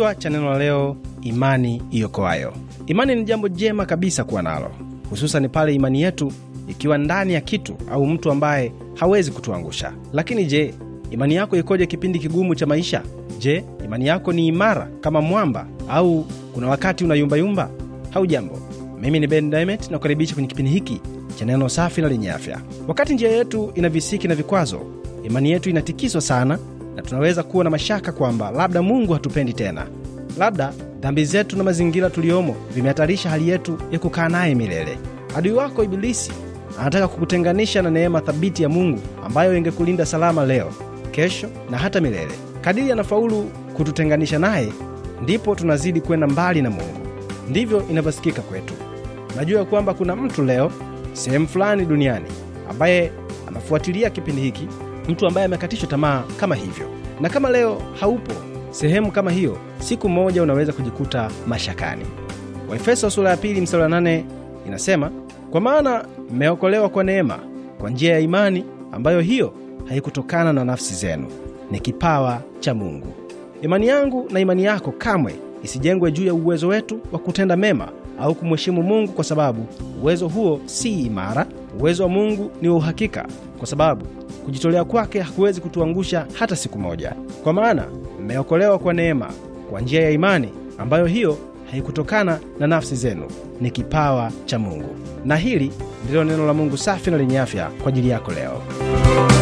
Kichwa cha neno la leo, imani iokoayo. Imani ni jambo jema kabisa kuwa nalo, hususani pale imani yetu ikiwa ndani ya kitu au mtu ambaye hawezi kutuangusha. Lakini je, imani yako ikoje kipindi kigumu cha maisha? Je, imani yako ni imara kama mwamba au kuna wakati unayumbayumba? jambo mimi ni Ben Dimet na kukaribisha kwenye kipindi hiki cha neno safi na lenye afya. Wakati njia yetu ina visiki na vikwazo, imani yetu inatikiswa sana na tunaweza kuwa na mashaka kwamba labda Mungu hatupendi tena, labda dhambi zetu na mazingira tuliyomo vimehatarisha hali yetu ya kukaa naye milele. Adui wako Ibilisi anataka kukutenganisha na neema thabiti ya Mungu ambayo ingekulinda salama leo, kesho na hata milele. Kadiri anafaulu kututenganisha naye, ndipo tunazidi kwenda mbali na Mungu. Ndivyo inavyosikika kwetu. Najua kwamba kuna mtu leo sehemu fulani duniani ambaye anafuatilia kipindi hiki mtu ambaye amekatishwa tamaa kama hivyo. Na kama leo haupo sehemu kama hiyo, siku moja unaweza kujikuta mashakani. Waefeso sura ya pili mstari wa nane inasema, kwa maana mmeokolewa kwa neema, kwa njia ya imani, ambayo hiyo haikutokana na nafsi zenu, ni kipawa cha Mungu. Imani yangu na imani yako kamwe isijengwe juu ya uwezo wetu wa kutenda mema au kumheshimu Mungu kwa sababu uwezo huo si imara. Uwezo wa Mungu ni wa uhakika, kwa sababu kujitolea kwake hakuwezi kutuangusha hata siku moja, kwa maana mmeokolewa kwa neema, kwa njia ya imani, ambayo hiyo haikutokana na nafsi zenu, ni kipawa cha Mungu. Na hili ndilo neno la Mungu safi na lenye afya kwa ajili yako leo.